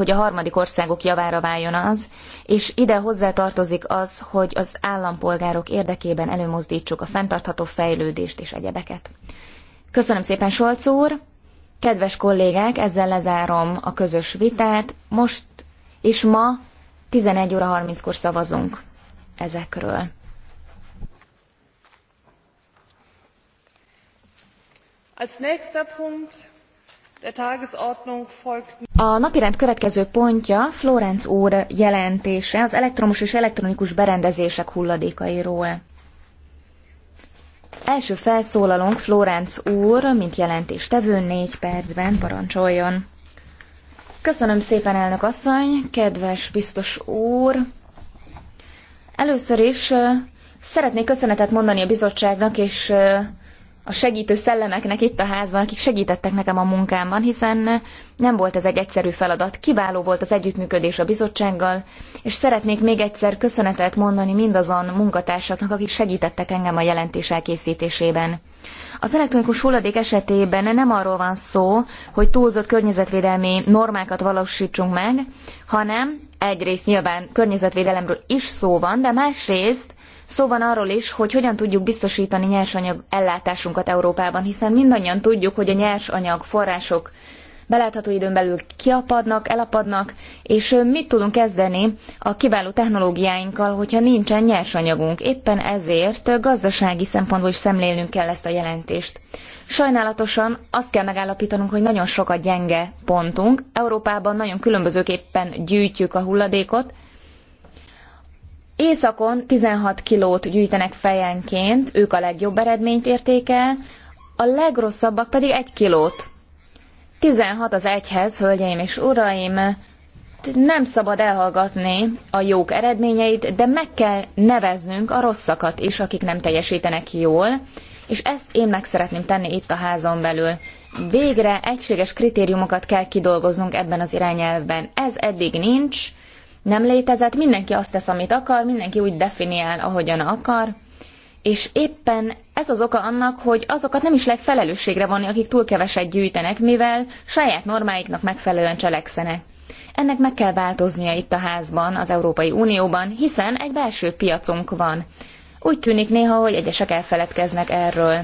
hogy a harmadik országok javára váljon az, és ide hozzátartozik az, hogy az állampolgárok érdekében előmozdítsuk a fenntartható fejlődést és egyebeket. Köszönöm szépen, Solc úr! Kedves kollégák, ezzel lezárom a közös vitát. Most és ma 11 óra 30-kor szavazunk ezekről. Als nächster Punkt a napirend következő pontja Florenc úr jelentése az elektromos és elektronikus berendezések hulladékairól. Első felszólalónk Florenc úr, mint jelentéstevő, négy percben parancsoljon. Köszönöm szépen, elnök asszony, kedves biztos úr. Először is szeretnék köszönetet mondani a bizottságnak és a segítő szellemeknek itt a házban, akik segítettek nekem a munkámban, hiszen nem volt ez egy egyszerű feladat. Kiváló volt az együttműködés a bizottsággal, és szeretnék még egyszer köszönetet mondani mindazon munkatársaknak, akik segítettek engem a jelentés elkészítésében. Az elektronikus hulladék esetében nem arról van szó, hogy túlzott környezetvédelmi normákat valósítsunk meg, hanem egyrészt nyilván környezetvédelemről is szó van, de másrészt Szó van arról is, hogy hogyan tudjuk biztosítani nyersanyag ellátásunkat Európában, hiszen mindannyian tudjuk, hogy a nyersanyag források belátható időn belül kiapadnak, elapadnak, és mit tudunk kezdeni a kiváló technológiáinkkal, hogyha nincsen nyersanyagunk. Éppen ezért gazdasági szempontból is szemlélnünk kell ezt a jelentést. Sajnálatosan azt kell megállapítanunk, hogy nagyon sok a gyenge pontunk. Európában nagyon különbözőképpen gyűjtjük a hulladékot, Északon 16 kilót gyűjtenek fejenként, ők a legjobb eredményt érték el, a legrosszabbak pedig egy kilót. 16 az egyhez, hölgyeim és uraim, nem szabad elhallgatni a jók eredményeit, de meg kell neveznünk a rosszakat is, akik nem teljesítenek jól, és ezt én meg szeretném tenni itt a házon belül. Végre egységes kritériumokat kell kidolgoznunk ebben az irányelvben. Ez eddig nincs, nem létezett, mindenki azt tesz, amit akar, mindenki úgy definiál, ahogyan akar, és éppen ez az oka annak, hogy azokat nem is lehet felelősségre vonni, akik túl keveset gyűjtenek, mivel saját normáiknak megfelelően cselekszenek. Ennek meg kell változnia itt a házban, az Európai Unióban, hiszen egy belső piacunk van. Úgy tűnik néha, hogy egyesek elfeledkeznek erről.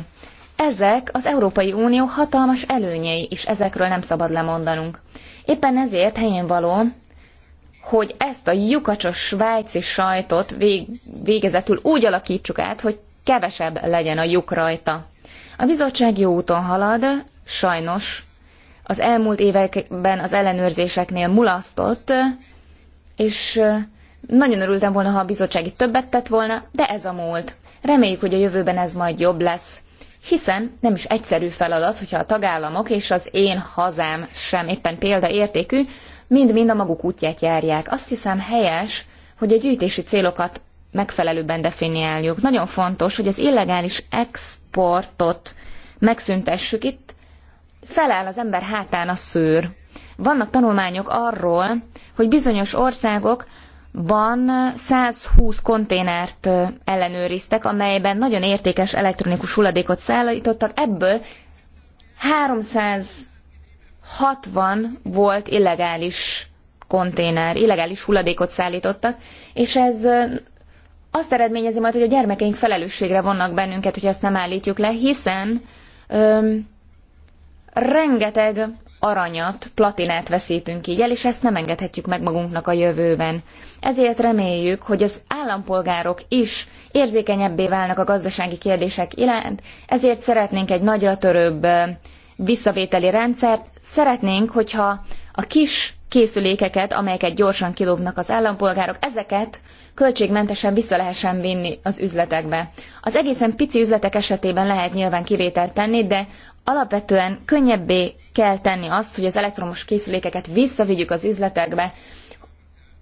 Ezek az Európai Unió hatalmas előnyei, és ezekről nem szabad lemondanunk. Éppen ezért helyén való, hogy ezt a lyukacsos svájci sajtot vég, végezetül úgy alakítsuk át, hogy kevesebb legyen a lyuk rajta. A bizottság jó úton halad, sajnos az elmúlt években az ellenőrzéseknél mulasztott, és nagyon örültem volna, ha a bizottság itt többet tett volna, de ez a múlt. Reméljük, hogy a jövőben ez majd jobb lesz, hiszen nem is egyszerű feladat, hogyha a tagállamok és az én hazám sem éppen példaértékű, mind-mind a maguk útját járják. Azt hiszem helyes, hogy a gyűjtési célokat megfelelőben definiáljuk. Nagyon fontos, hogy az illegális exportot megszüntessük. Itt feláll az ember hátán a szőr. Vannak tanulmányok arról, hogy bizonyos országokban 120 konténert ellenőriztek, amelyben nagyon értékes elektronikus hulladékot szállítottak, ebből 300 60 volt illegális konténer, illegális hulladékot szállítottak, és ez azt eredményezi majd, hogy a gyermekeink felelősségre vonnak bennünket, hogy ezt nem állítjuk le, hiszen öm, rengeteg aranyat, platinát veszítünk így el, és ezt nem engedhetjük meg magunknak a jövőben. Ezért reméljük, hogy az állampolgárok is érzékenyebbé válnak a gazdasági kérdések iránt, ezért szeretnénk egy nagyra törőbb visszavételi rendszert. Szeretnénk, hogyha a kis készülékeket, amelyeket gyorsan kilóbnak az állampolgárok, ezeket költségmentesen vissza lehessen vinni az üzletekbe. Az egészen pici üzletek esetében lehet nyilván kivételt tenni, de alapvetően könnyebbé kell tenni azt, hogy az elektromos készülékeket visszavigyük az üzletekbe,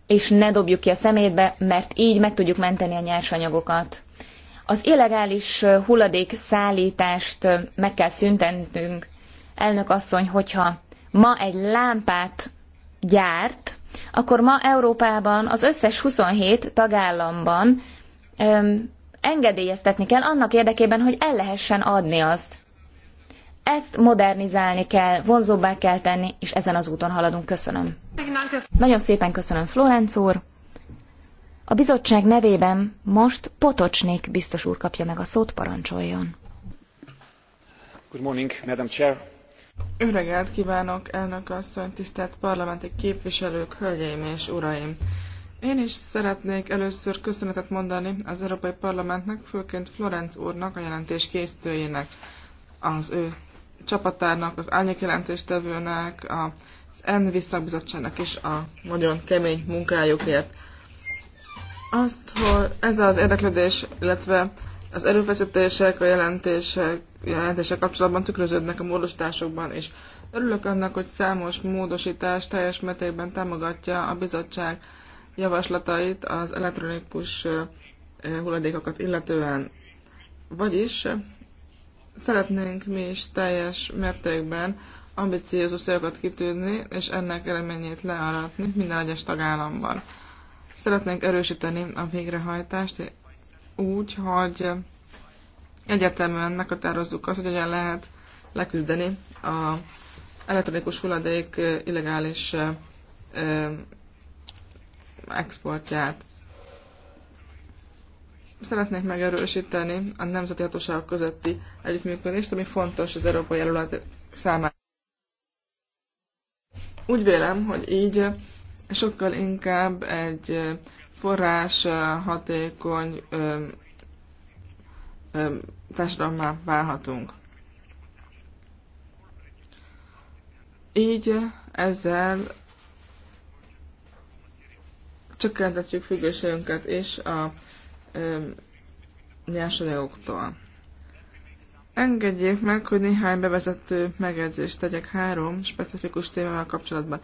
és ne dobjuk ki a szemétbe, mert így meg tudjuk menteni a nyersanyagokat. Az illegális hulladék szállítást meg kell szüntetnünk, elnök asszony, hogyha ma egy lámpát gyárt, akkor ma Európában az összes 27 tagállamban öm, engedélyeztetni kell annak érdekében, hogy el lehessen adni azt. Ezt modernizálni kell, vonzóbbá kell tenni, és ezen az úton haladunk. Köszönöm. Nagyon szépen köszönöm, Florenc úr. A bizottság nevében most Potocsnik biztos úr kapja meg a szót, parancsoljon. Good morning, Madam Chair. Jó reggelt kívánok, elnök asszony, tisztelt parlamenti képviselők, hölgyeim és uraim! Én is szeretnék először köszönetet mondani az Európai Parlamentnek, főként Florenc úrnak, a jelentés készítőjének, az ő csapatának, az árnyékjelentéstevőnek, az ENVI szakbizottságnak is a nagyon kemény munkájukért. Azt, hogy ez az érdeklődés, illetve az erőfeszítések, a jelentések, jelentések kapcsolatban tükröződnek a módosításokban is. Örülök annak, hogy számos módosítás teljes mértékben támogatja a bizottság javaslatait az elektronikus hulladékokat illetően. Vagyis szeretnénk mi is teljes mértékben ambiciózus célokat kitűzni, és ennek eredményét learatni minden egyes tagállamban. Szeretnénk erősíteni a végrehajtást, úgy, hogy egyértelműen meghatározzuk azt, hogy hogyan lehet leküzdeni a elektronikus hulladék illegális exportját. Szeretnék megerősíteni a nemzeti hatóságok közötti együttműködést, ami fontos az európai jelölet számára. Úgy vélem, hogy így sokkal inkább egy forrás hatékony társadalmá válhatunk. Így ezzel csökkentetjük függőségünket is a nyersanyagoktól. Engedjék meg, hogy néhány bevezető megjegyzést tegyek három specifikus témával kapcsolatban.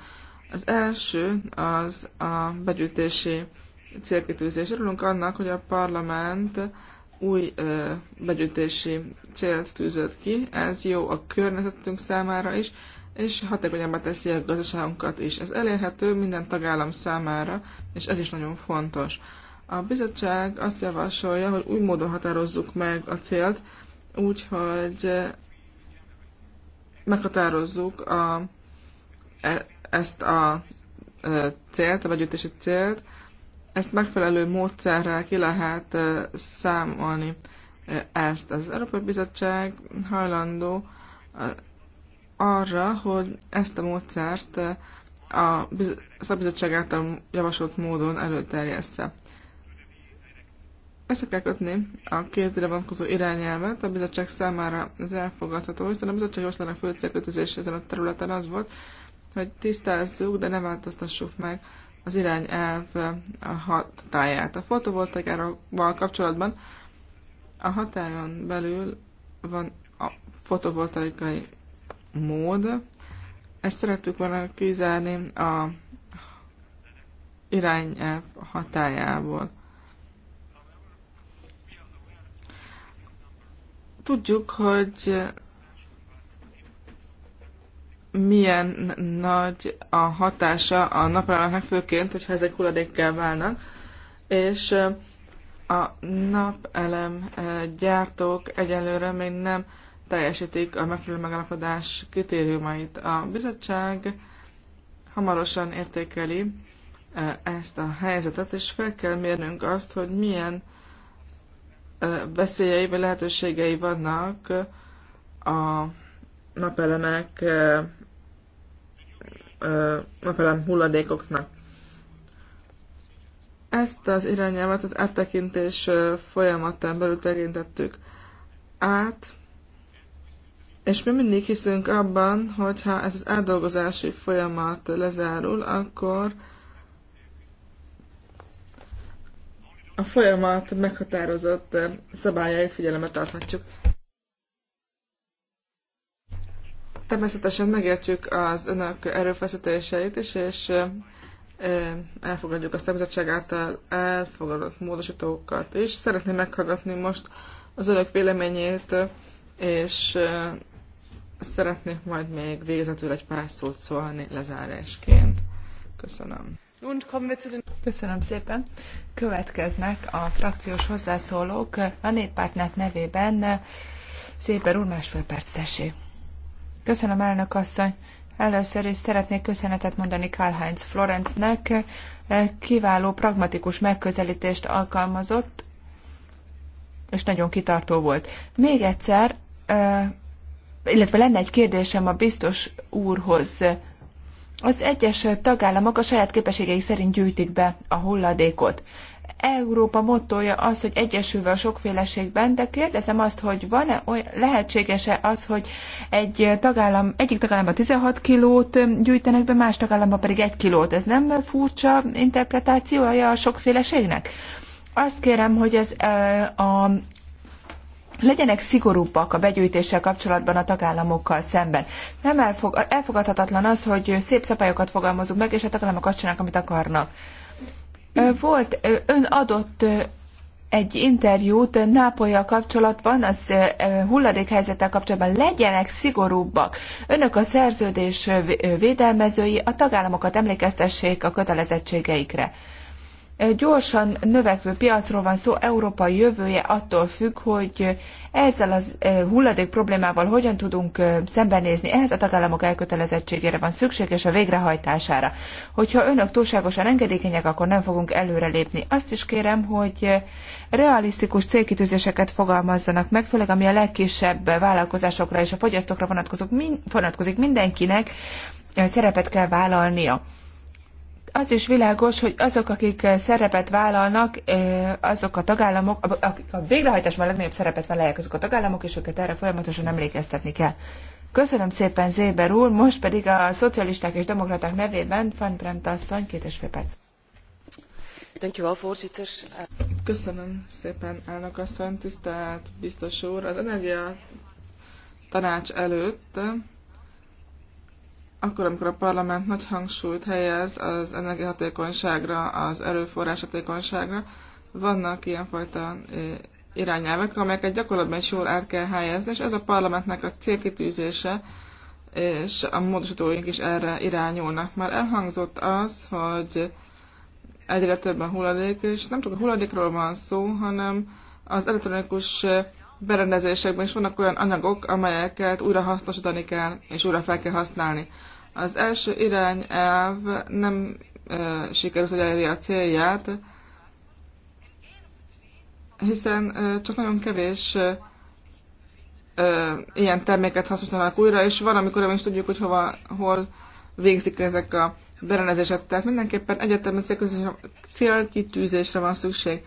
Az első az a begyűjtési célkitűzés. Örülünk annak, hogy a parlament új ö, begyűjtési célt tűzött ki. Ez jó a környezetünk számára is, és hatékonyabbá teszi a gazdaságunkat is. Ez elérhető minden tagállam számára, és ez is nagyon fontos. A bizottság azt javasolja, hogy új módon határozzuk meg a célt, úgyhogy meghatározzuk a, e, ezt a e, célt, a begyűjtési célt, ezt megfelelő módszerrel ki lehet számolni. Ezt az Európai Bizottság hajlandó arra, hogy ezt a módszert a szabizottság által javasolt módon előterjessze. Össze kell kötni a két ide vonatkozó irányelvet, a bizottság számára ez elfogadható, hiszen a bizottság jóslának fő célkötözés ezen a területen az volt, hogy tisztázzuk, de ne változtassuk meg az irányelv hatáját. A fotovoltaikával kapcsolatban a határon belül van a fotovoltaikai mód. Ezt szerettük volna kizárni a irányelv hatájából. Tudjuk, hogy milyen nagy a hatása a napelemeknek, főként, hogyha ezek hulladékkel válnak, és a napelem gyártók egyelőre még nem teljesítik a megfelelő megállapodás kritériumait. A bizottság hamarosan értékeli ezt a helyzetet, és fel kell mérnünk azt, hogy milyen veszélyei vagy lehetőségei vannak a napelemek napelem hulladékoknak. Ezt az irányelvet az áttekintés folyamatán belül tekintettük át, és mi mindig hiszünk abban, hogy ha ez az átdolgozási folyamat lezárul, akkor a folyamat meghatározott szabályait figyelembe tarthatjuk. Természetesen megértjük az önök erőfeszítéseit is, és elfogadjuk a szemzettség által elfogadott módosítókat is. Szeretném meghallgatni most az önök véleményét, és szeretnék majd még végezetül egy pár szót szólni lezárásként. Köszönöm. Köszönöm szépen. Következnek a frakciós hozzászólók a néppártnát nevében. Szépen úr, másfél perc tessék. Köszönöm, elnök asszony. Először is szeretnék köszönetet mondani Karl-Heinz Florencnek. Kiváló, pragmatikus megközelítést alkalmazott, és nagyon kitartó volt. Még egyszer, illetve lenne egy kérdésem a biztos úrhoz. Az egyes tagállamok a saját képességei szerint gyűjtik be a hulladékot. Európa mottoja az, hogy egyesülve a sokféleségben, de kérdezem azt, hogy van-e lehetséges-e az, hogy egy tagállam, egyik tagállamban 16 kilót gyűjtenek be, más tagállamban pedig egy kilót. Ez nem furcsa interpretációja a sokféleségnek? Azt kérem, hogy ez a, e, a legyenek szigorúbbak a begyűjtéssel kapcsolatban a tagállamokkal szemben. Nem elfog, elfogadhatatlan az, hogy szép szabályokat fogalmazunk meg, és a tagállamok azt csinálnak, amit akarnak volt, ön adott egy interjút Nápolya kapcsolatban, az hulladékhelyzettel kapcsolatban legyenek szigorúbbak. Önök a szerződés védelmezői, a tagállamokat emlékeztessék a kötelezettségeikre gyorsan növekvő piacról van szó, Európa jövője attól függ, hogy ezzel az eh, hulladék problémával hogyan tudunk eh, szembenézni. Ehhez a tagállamok elkötelezettségére van szükség, és a végrehajtására. Hogyha önök túlságosan engedékenyek, akkor nem fogunk előrelépni. Azt is kérem, hogy eh, realisztikus célkitűzéseket fogalmazzanak meg, főleg ami a legkisebb vállalkozásokra és a fogyasztókra vonatkozik mindenkinek szerepet kell vállalnia az is világos, hogy azok, akik eh, szerepet vállalnak, eh, azok a tagállamok, akik a végrehajtásban a legnagyobb szerepet vállalják, azok a tagállamok, és őket erre folyamatosan emlékeztetni kell. Köszönöm szépen, Zéber úr, most pedig a szocialisták és demokraták nevében Van Bremt asszony, két és fél perc. Köszönöm szépen, elnök asszony, tisztelt biztos úr. Az energia tanács előtt akkor, amikor a parlament nagy hangsúlyt helyez az energiahatékonyságra, az erőforrás hatékonyságra, vannak ilyenfajta eh, irányelvek, amelyeket gyakorlatban is jól át kell helyezni, és ez a parlamentnek a célkitűzése, és a módosítóink is erre irányulnak. Már elhangzott az, hogy egyre több a hulladék, és nem csak a hulladékról van szó, hanem az elektronikus eh, berendezésekben is vannak olyan anyagok, amelyeket újra hasznosítani kell, és újra fel kell használni. Az első irányelv nem sikerült, hogy elérje a célját, hiszen csak nagyon kevés ilyen terméket használnak újra, és van, amikor nem is tudjuk, hogy hova, hol végzik ezek a berendezések. Tehát mindenképpen egyetemi célkitűzésre van szükség.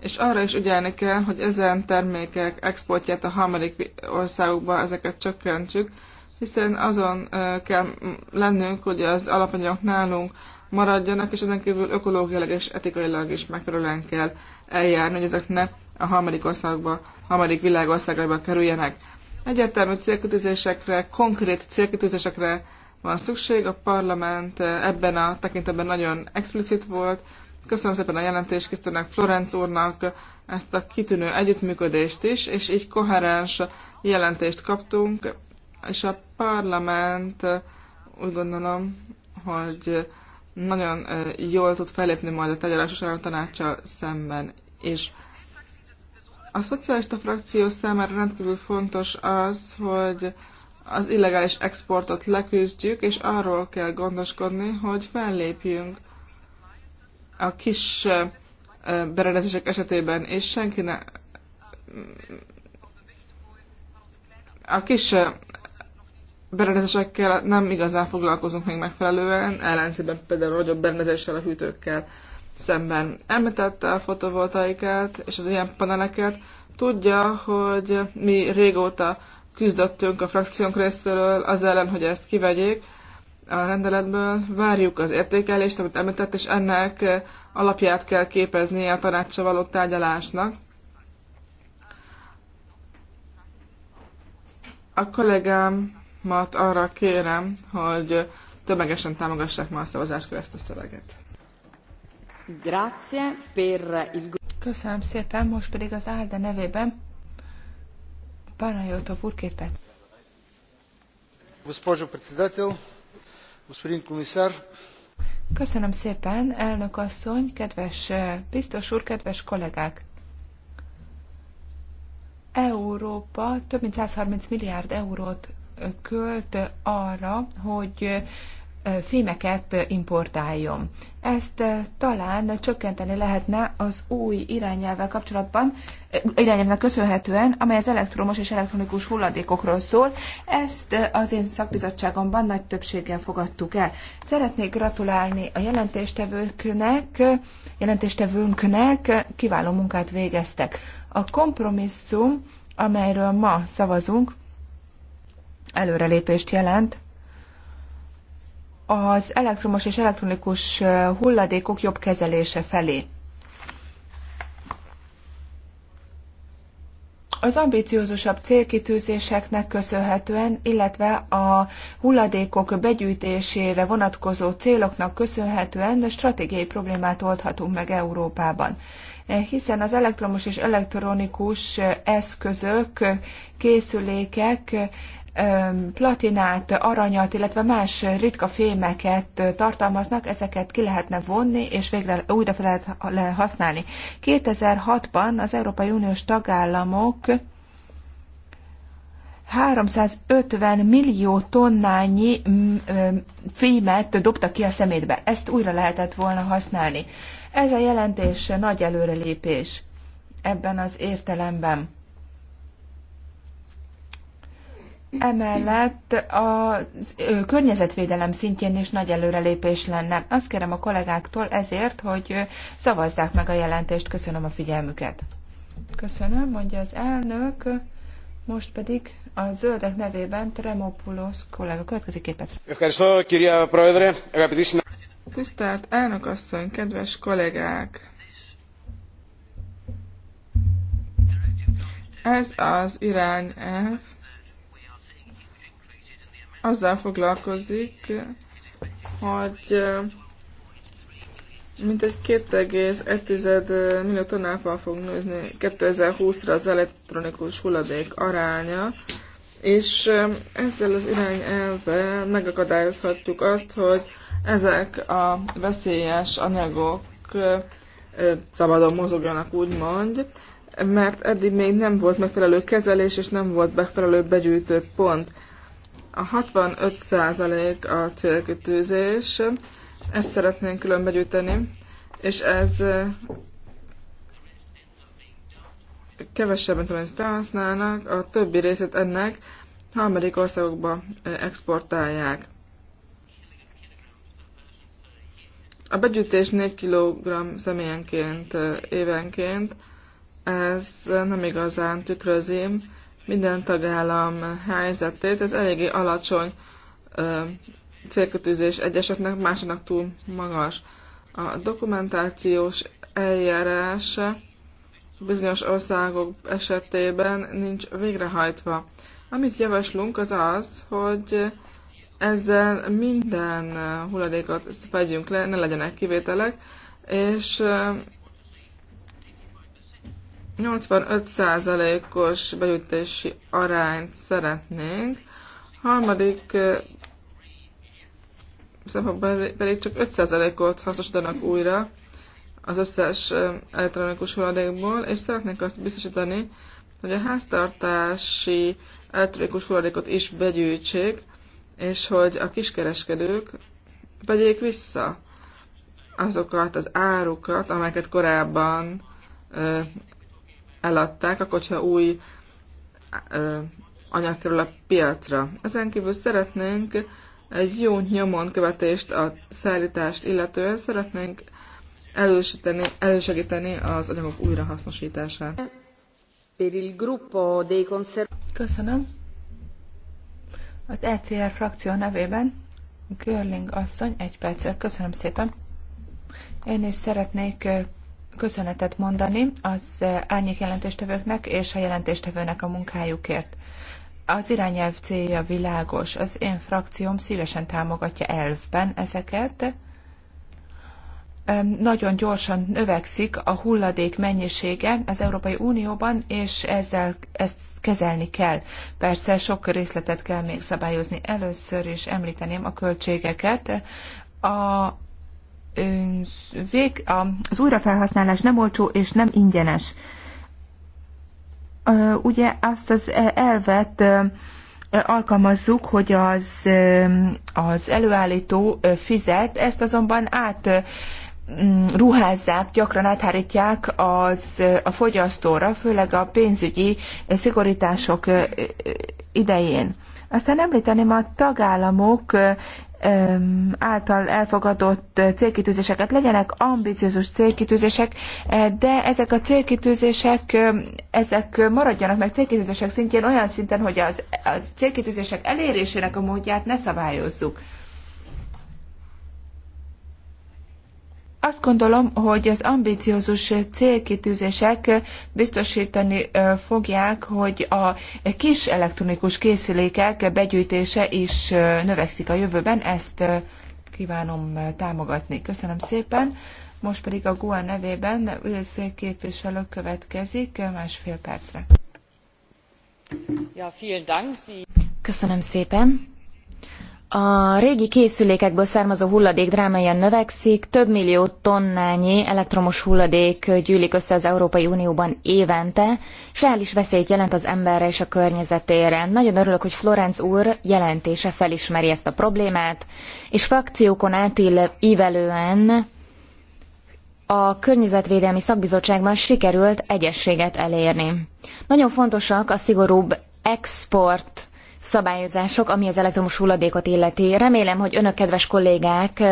És arra is ügyelni kell, hogy ezen termékek exportját a harmadik országokba ezeket csökkentsük, hiszen azon kell lennünk, hogy az alapanyagok nálunk maradjanak, és ezen kívül ökológiailag és etikailag is megfelelően kell eljárni, hogy ezek ne a harmadik országba, harmadik világországaiba kerüljenek. Egyértelmű célkitűzésekre, konkrét célkitűzésekre van szükség. A parlament ebben a tekintetben nagyon explicit volt. Köszönöm szépen a jelentéskészítőnek, Florenc úrnak ezt a kitűnő együttműködést is, és így koherens jelentést kaptunk, és a parlament úgy gondolom, hogy nagyon jól tud felépni majd a tárgyalás során szemben. És a szocialista frakció számára rendkívül fontos az, hogy az illegális exportot leküzdjük, és arról kell gondoskodni, hogy fellépjünk a kis berendezések esetében, és senki ne... A kis berendezésekkel nem igazán foglalkozunk még megfelelően, ellentétben például nagyobb berendezéssel, a hűtőkkel szemben. Említette a fotovoltaikát és az ilyen paneleket, tudja, hogy mi régóta küzdöttünk a frakciónk részéről az ellen, hogy ezt kivegyék a rendeletből. Várjuk az értékelést, amit említett, és ennek alapját kell képezni a tanácsa való tárgyalásnak. A kollégám kollégámat arra kérem, hogy tömegesen támogassák ma a szavazáskor ezt a szöveget. Grazie per il... Köszönöm szépen, most pedig az Álda nevében Panajotov úr képet. Госпожо председател, господин комисар, Köszönöm szépen, elnök asszony, kedves eh, biztos úr, kedves kollégák! Európa több mint 130 milliárd eurót költ arra, hogy fémeket importáljon. Ezt talán csökkenteni lehetne az új irányelvvel kapcsolatban, irányelvnek köszönhetően, amely az elektromos és elektronikus hulladékokról szól. Ezt az én szakbizottságomban nagy többséggel fogadtuk el. Szeretnék gratulálni a jelentéstevőknek, jelentéstevőnknek, kiváló munkát végeztek. A kompromisszum, amelyről ma szavazunk, előrelépést jelent. Az elektromos és elektronikus hulladékok jobb kezelése felé. Az ambiciózusabb célkitűzéseknek köszönhetően, illetve a hulladékok begyűjtésére vonatkozó céloknak köszönhetően stratégiai problémát oldhatunk meg Európában hiszen az elektromos és elektronikus eszközök, készülékek platinát, aranyat, illetve más ritka fémeket tartalmaznak, ezeket ki lehetne vonni, és végre újra fel lehet használni. 2006-ban az Európai Uniós tagállamok 350 millió tonnányi fémet dobtak ki a szemétbe. Ezt újra lehetett volna használni. Ez a jelentés nagy előrelépés ebben az értelemben. Emellett a környezetvédelem szintjén is nagy előrelépés lenne. Azt kérem a kollégáktól ezért, hogy szavazzák meg a jelentést. Köszönöm a figyelmüket. Köszönöm, mondja az elnök. Most pedig a zöldek nevében Tremopulos kollega következik két Tisztelt elnök asszony, kedves kollégák! Ez az irányelv azzal foglalkozik, hogy mintegy 2,1 millió tonnával fog nőzni 2020-ra az elektronikus hulladék aránya, és ezzel az irányelvvel megakadályozhatjuk azt, hogy ezek a veszélyes anyagok szabadon mozogjanak, úgymond, mert eddig még nem volt megfelelő kezelés, és nem volt megfelelő begyűjtő pont. A 65% a célkütőzés, ezt szeretnénk külön begyűjteni, és ez kevesebb, mint amit felhasználnak, a többi részét ennek harmadik országokba exportálják. A begyűjtés 4 kg személyenként évenként, ez nem igazán tükrözi minden tagállam helyzetét. Ez eléggé alacsony ö, célkötőzés egyeseknek, másoknak túl magas. A dokumentációs eljárás bizonyos országok esetében nincs végrehajtva. Amit javaslunk az az, hogy ezzel minden hulladékot fedjünk le, ne legyenek kivételek, és 85%-os bejutási arányt szeretnénk, harmadik szempontból pedig csak 5%-ot hasznosítanak újra az összes elektronikus hulladékból, és szeretnék azt biztosítani, hogy a háztartási elektronikus hulladékot is begyűjtsék, és hogy a kiskereskedők vegyék vissza azokat az árukat, amelyeket korábban eladták, akkor ha új anyag kerül a piacra. Ezen kívül szeretnénk egy jó nyomon követést a szállítást illetően, szeretnénk elősíteni, elősegíteni az anyagok újrahasznosítását. Köszönöm. Az ECR frakció nevében Görling asszony, egy percre. Köszönöm szépen. Én is szeretnék köszönetet mondani az árnyék jelentéstevőknek és a jelentéstevőnek a munkájukért. Az irányelv célja világos. Az én frakcióm szívesen támogatja elvben ezeket. Nagyon gyorsan növekszik a hulladék mennyisége az Európai Unióban, és ezzel ezt kezelni kell. Persze sok részletet kell még szabályozni. Először is említeném a költségeket. A vég, az újrafelhasználás nem olcsó és nem ingyenes. Ugye azt az elvet alkalmazzuk, hogy az, az előállító fizet, ezt azonban át mm, ruházzák, gyakran áthárítják az, a fogyasztóra, főleg a pénzügyi szigorítások idején. Aztán említeném a tagállamok által elfogadott célkitűzéseket legyenek ambiciózus célkitűzések, eh, de ezek a célkitűzések ezek maradjanak meg célkitűzések szintjén olyan szinten, hogy az, a célkitűzések elérésének a módját ne szabályozzuk. Azt gondolom, hogy az ambíciózus célkitűzések biztosítani fogják, hogy a kis elektronikus készülékek begyűjtése is növekszik a jövőben. Ezt kívánom támogatni. Köszönöm szépen. Most pedig a GUA nevében Wilsz képviselő következik másfél percre. Köszönöm szépen. A régi készülékekből származó hulladék drámaian növekszik, több millió tonnányi elektromos hulladék gyűlik össze az Európai Unióban évente, és reális veszélyt jelent az emberre és a környezetére. Nagyon örülök, hogy Florenc úr jelentése felismeri ezt a problémát, és frakciókon átívelően a Környezetvédelmi Szakbizottságban sikerült egyességet elérni. Nagyon fontosak a szigorúbb export szabályozások, ami az elektromos hulladékot illeti. Remélem, hogy önök, kedves kollégák,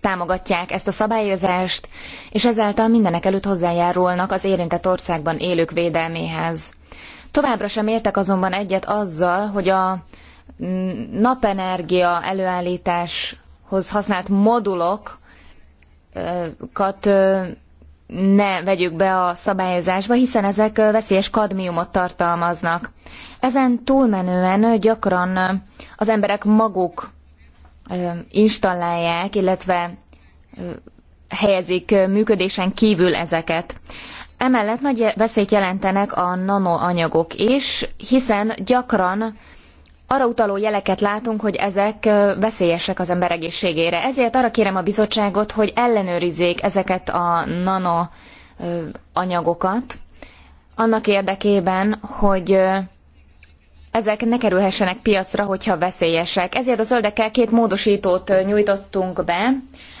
támogatják ezt a szabályozást, és ezáltal mindenek előtt hozzájárulnak az érintett országban élők védelméhez. Továbbra sem értek azonban egyet azzal, hogy a napenergia előállításhoz használt modulokat ne vegyük be a szabályozásba, hiszen ezek veszélyes kadmiumot tartalmaznak. Ezen túlmenően gyakran az emberek maguk installálják, illetve helyezik működésen kívül ezeket. Emellett nagy veszélyt jelentenek a nanoanyagok is, hiszen gyakran arra utaló jeleket látunk, hogy ezek veszélyesek az ember egészségére. Ezért arra kérem a bizottságot, hogy ellenőrizzék ezeket a nano anyagokat, annak érdekében, hogy ezek ne kerülhessenek piacra, hogyha veszélyesek. Ezért a zöldekkel két módosítót nyújtottunk be.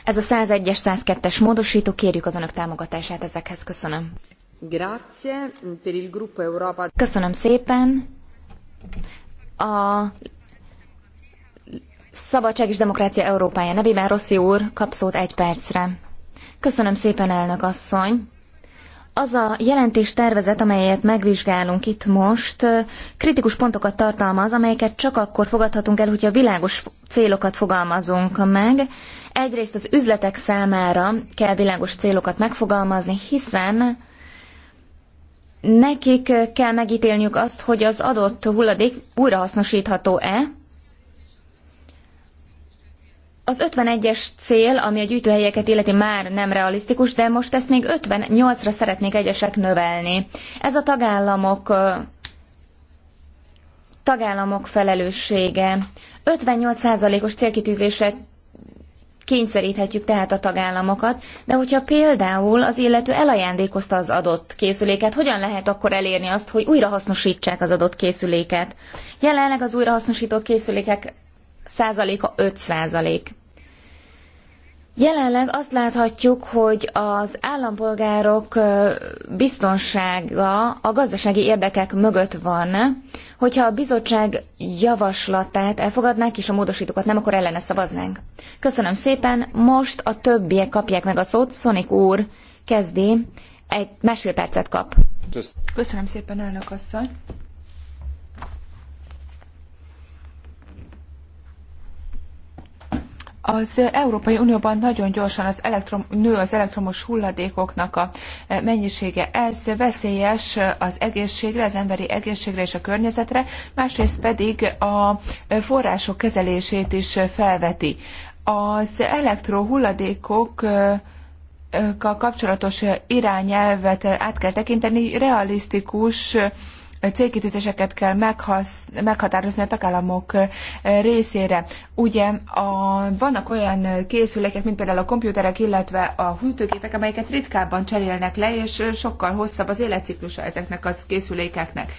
Ez a 101-es, 102-es módosító. Kérjük az önök támogatását ezekhez. Köszönöm. Grazie per il gruppo Europa. Köszönöm szépen. A Szabadság és Demokrácia Európája nevében Rossi úr kap szót egy percre. Köszönöm szépen, elnök asszony! Az a jelentés tervezet, amelyet megvizsgálunk itt most, kritikus pontokat tartalmaz, amelyeket csak akkor fogadhatunk el, hogyha világos célokat fogalmazunk meg. Egyrészt az üzletek számára kell világos célokat megfogalmazni, hiszen nekik kell megítélniük azt, hogy az adott hulladék újrahasznosítható-e. Az 51-es cél, ami a gyűjtőhelyeket illeti már nem realisztikus, de most ezt még 58-ra szeretnék egyesek növelni. Ez a tagállamok tagállamok felelőssége. 58%-os célkitűzések kényszeríthetjük tehát a tagállamokat, de hogyha például az illető elajándékozta az adott készüléket, hogyan lehet akkor elérni azt, hogy újrahasznosítsák az adott készüléket? Jelenleg az újrahasznosított készülékek százaléka 5 százalék. Jelenleg azt láthatjuk, hogy az állampolgárok biztonsága a gazdasági érdekek mögött van. Hogyha a bizottság javaslatát elfogadnák és a módosítókat nem, akkor ellene szavaznánk. Köszönöm szépen, most a többiek kapják meg a szót. Szonik úr kezdi, egy másfél percet kap. Köszönöm szépen, elnök asszony. Az Európai Unióban nagyon gyorsan az elektrom, nő az elektromos hulladékoknak a e, mennyisége. Ez veszélyes az egészségre, az emberi egészségre és a környezetre, másrészt pedig a e, források kezelését is felveti. Az elektrohulladékok e, kapcsolatos irányelvet át kell tekinteni, realisztikus célkitűzéseket kell meghasz, meghatározni a tagállamok részére. Ugye a, vannak olyan készülékek, mint például a komputerek, illetve a hűtőgépek, amelyeket ritkábban cserélnek le, és sokkal hosszabb az életciklusa ezeknek a készülékeknek.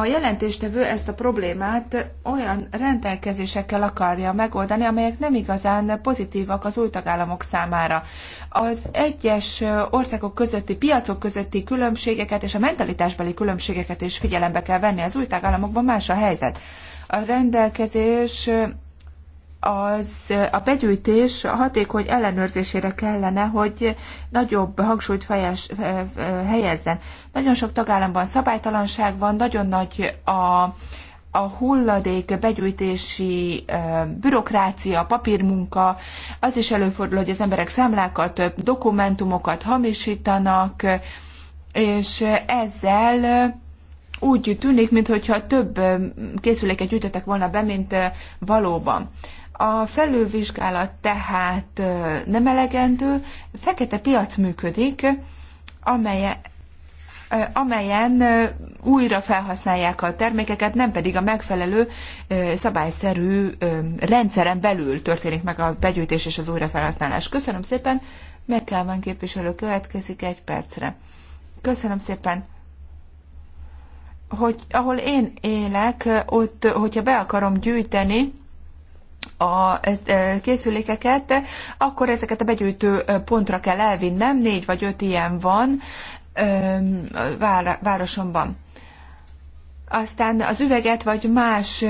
A jelentéstevő ezt a problémát olyan rendelkezésekkel akarja megoldani, amelyek nem igazán pozitívak az új tagállamok számára. Az egyes országok közötti, piacok közötti különbségeket és a mentalitásbeli különbségeket is figyelembe kell venni. Az új tagállamokban más a helyzet. A rendelkezés az a begyűjtés hatékony ellenőrzésére kellene, hogy nagyobb hangsúlyt fejes, eh, eh, helyezzen. Nagyon sok tagállamban szabálytalanság van, nagyon nagy a, a hulladék begyűjtési eh, bürokrácia, papírmunka, az is előfordul, hogy az emberek számlákat, dokumentumokat hamisítanak, és ezzel úgy tűnik, mintha több készüléket gyűjtöttek volna be, mint valóban. A felülvizsgálat tehát nem elegendő, fekete piac működik, amely, amelyen újra felhasználják a termékeket, nem pedig a megfelelő szabályszerű rendszeren belül történik meg a begyűjtés és az újrafelhasználás. Köszönöm szépen, van képviselő következik egy percre. Köszönöm szépen! Hogy, ahol én élek, ott, hogyha be akarom gyűjteni, a e, készülékeket, akkor ezeket a begyűjtő e, pontra kell elvinnem, négy vagy öt ilyen van e, városomban aztán az üveget vagy más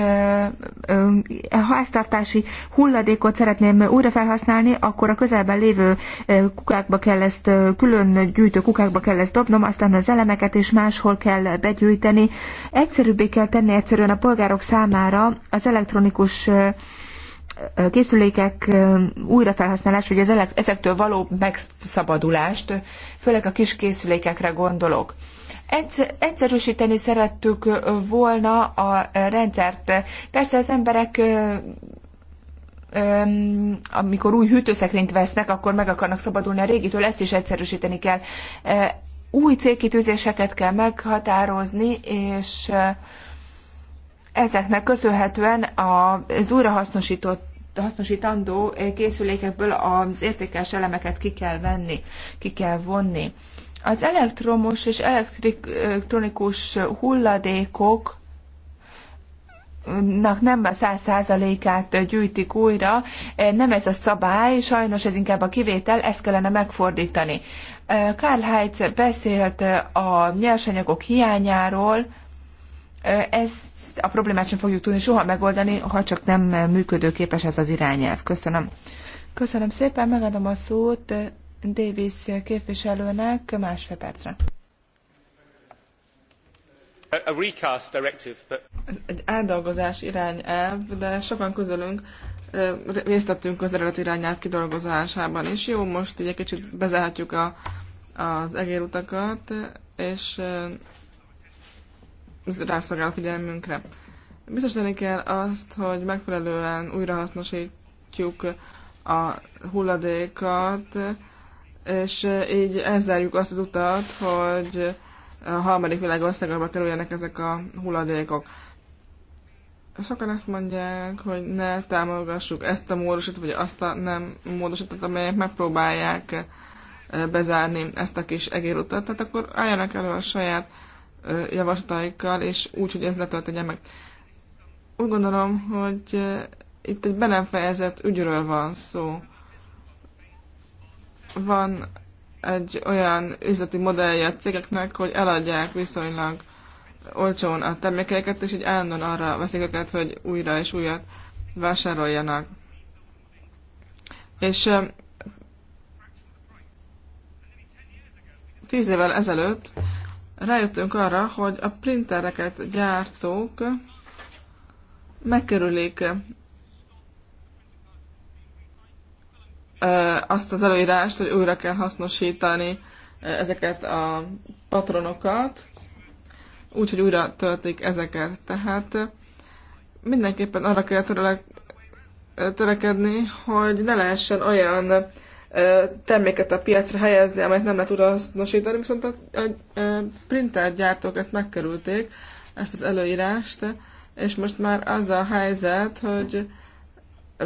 háztartási hulladékot szeretném újra felhasználni, akkor a közelben lévő kukákba kell ezt, külön gyűjtő kukákba kell ezt dobnom, aztán az elemeket is máshol kell begyűjteni. Egyszerűbbé kell tenni egyszerűen a polgárok számára az elektronikus készülékek újrafelhasználás, hogy az ezektől való megszabadulást, főleg a kis készülékekre gondolok. Egyszerűsíteni szerettük volna a rendszert. Persze az emberek amikor új hűtőszekrényt vesznek, akkor meg akarnak szabadulni a régitől, ezt is egyszerűsíteni kell. Új célkitűzéseket kell meghatározni, és Ezeknek köszönhetően az újrahasznosított hasznosítandó készülékekből az értékes elemeket ki kell venni, ki kell vonni. Az elektromos és elektronikus hulladékok nem a száz százalékát gyűjtik újra, nem ez a szabály, sajnos ez inkább a kivétel, ezt kellene megfordítani. Karl Heitz beszélt a nyersanyagok hiányáról, ezt a problémát sem fogjuk tudni soha megoldani, ha csak nem működőképes ez az irányelv. Köszönöm. Köszönöm szépen, megadom a szót Davis képviselőnek másfél percre. A recast directive, but... Egy átdolgozás irányelv, de sokan közülünk részt vettünk az eredeti irányelv kidolgozásában is. Jó, most így egy kicsit bezárhatjuk a, az egérutakat, és rászolgál a figyelmünkre. Biztosítani kell azt, hogy megfelelően újrahasznosítjuk a hulladékat, és így elzárjuk azt az utat, hogy a harmadik világországokba kerüljenek ezek a hulladékok. Sokan azt mondják, hogy ne támogassuk ezt a módosítót, vagy azt a nem módosítót, amelyek megpróbálják bezárni ezt a kis egérutat. Tehát akkor álljanak elő a saját javaslataikkal, és úgy, hogy ez ne meg. Úgy gondolom, hogy itt egy be nem fejezett ügyről van szó. Van egy olyan üzleti modellje a cégeknek, hogy eladják viszonylag olcsón a termékeiket, és így állandóan arra veszik őket, hogy újra és újat vásároljanak. És tíz évvel ezelőtt rájöttünk arra, hogy a printereket gyártók megkerülik azt az előírást, hogy újra kell hasznosítani ezeket a patronokat, úgyhogy újra töltik ezeket. Tehát mindenképpen arra kell törekedni, hogy ne lehessen olyan terméket a piacra helyezni, amelyet nem lehet urasznosítani, viszont a, a, a printer gyártók ezt megkerülték, ezt az előírást, és most már az a helyzet, hogy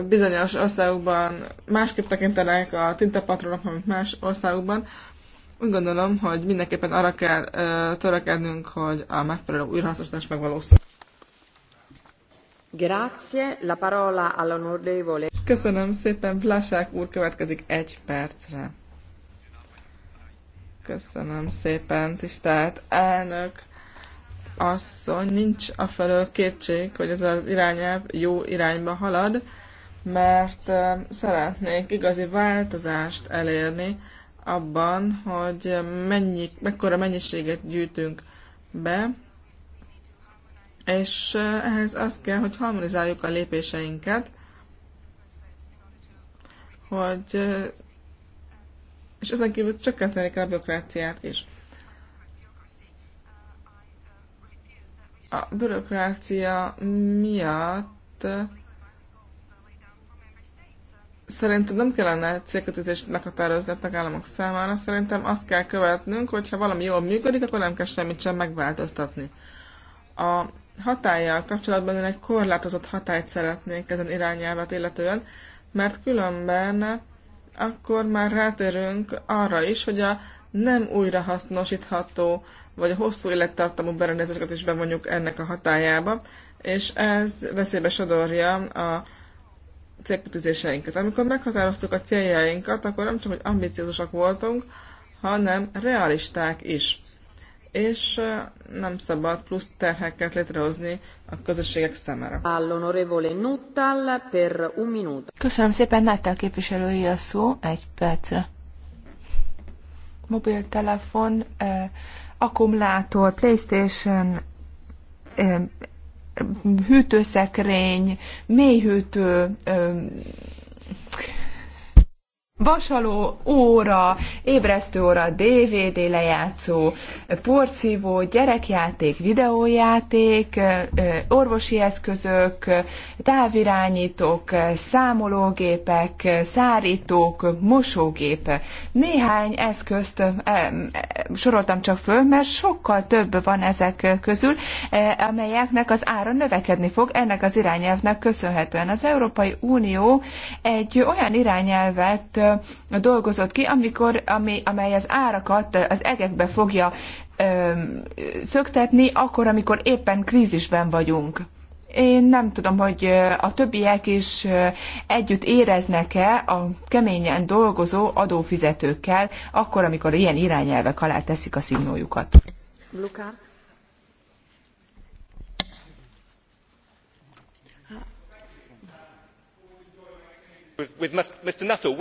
bizonyos országokban másképp tekintenek a tintapatronok, mint más országokban. Úgy gondolom, hogy mindenképpen arra kell ö, törekednünk, hogy a megfelelő újrahasznosítás megvalósul. Grazie, la parola all'onorevole. Köszönöm szépen, Vlasák úr következik egy percre. Köszönöm szépen, tisztelt elnök asszony, nincs afelől kétség, hogy ez az irányelv jó irányba halad, mert szeretnék igazi változást elérni abban, hogy mennyi, mekkora mennyiséget gyűjtünk be, és ehhez az kell, hogy harmonizáljuk a lépéseinket, hogy és ezen kívül csökkenteni kell a bürokráciát is. A bürokrácia miatt szerintem nem kellene célkötőzést meghatározni a tagállamok számára, szerintem azt kell követnünk, hogyha valami jól működik, akkor nem kell semmit sem megváltoztatni. A hatállyal kapcsolatban én egy korlátozott hatályt szeretnék ezen irányelvet illetően, mert különben akkor már rátérünk arra is, hogy a nem újrahasznosítható vagy a hosszú élettartamú berendezéseket is bevonjuk ennek a hatájába, és ez veszélybe sodorja a célkütőzéseinket. Amikor meghatároztuk a céljainkat, akkor nem csak, hogy ambiciózusak voltunk, hanem realisták is és nem szabad plusz terheket létrehozni a közösségek számára. per Köszönöm szépen, Nuttall képviselői a szó, egy percre. Mobiltelefon, eh, akkumulátor, Playstation, eh, hűtőszekrény, mélyhűtő, eh, vasaló óra, ébresztő óra, DVD lejátszó, porszívó, gyerekjáték, videójáték, orvosi eszközök, távirányítók, számológépek, szárítók, mosógép. Néhány eszközt soroltam csak föl, mert sokkal több van ezek közül, amelyeknek az ára növekedni fog ennek az irányelvnek köszönhetően. Az Európai Unió egy olyan irányelvet dolgozott ki, amikor, ami, amely az árakat az egekbe fogja ö, szöktetni, akkor, amikor éppen krízisben vagyunk. Én nem tudom, hogy a többiek is együtt éreznek-e a keményen dolgozó adófizetőkkel, akkor, amikor ilyen irányelvek alá teszik a szignójukat. Luka. Mr. Nuttall.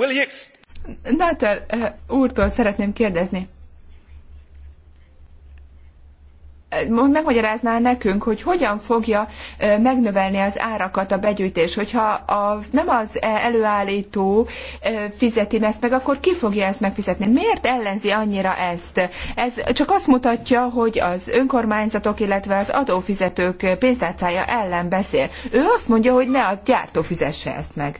Nuttall eh, úrtól szeretném kérdezni. Eh, megmagyarázná nekünk, hogy hogyan fogja eh, megnövelni az árakat a begyűjtés, hogyha a, nem az előállító fizeti ezt meg, akkor ki fogja ezt megfizetni? Miért ellenzi annyira ezt? Ez csak azt mutatja, hogy az önkormányzatok, illetve az adófizetők pénztárcája ellen beszél. Ő azt mondja, hogy ne az gyártó fizesse ezt meg.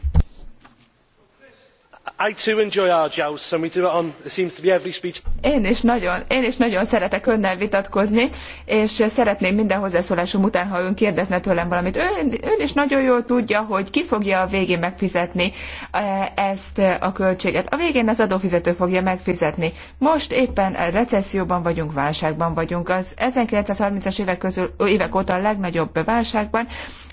Én is, nagyon, én is nagyon szeretek önnel vitatkozni, és szeretném minden hozzászólásom után, ha ön kérdezne tőlem valamit. Ön, ön is nagyon jól tudja, hogy ki fogja a végén megfizetni eh, ezt eh, a költséget. A végén az adófizető fogja megfizetni. Most éppen recesszióban vagyunk, válságban vagyunk. Az 1930-as évek, közül, évek óta a legnagyobb válságban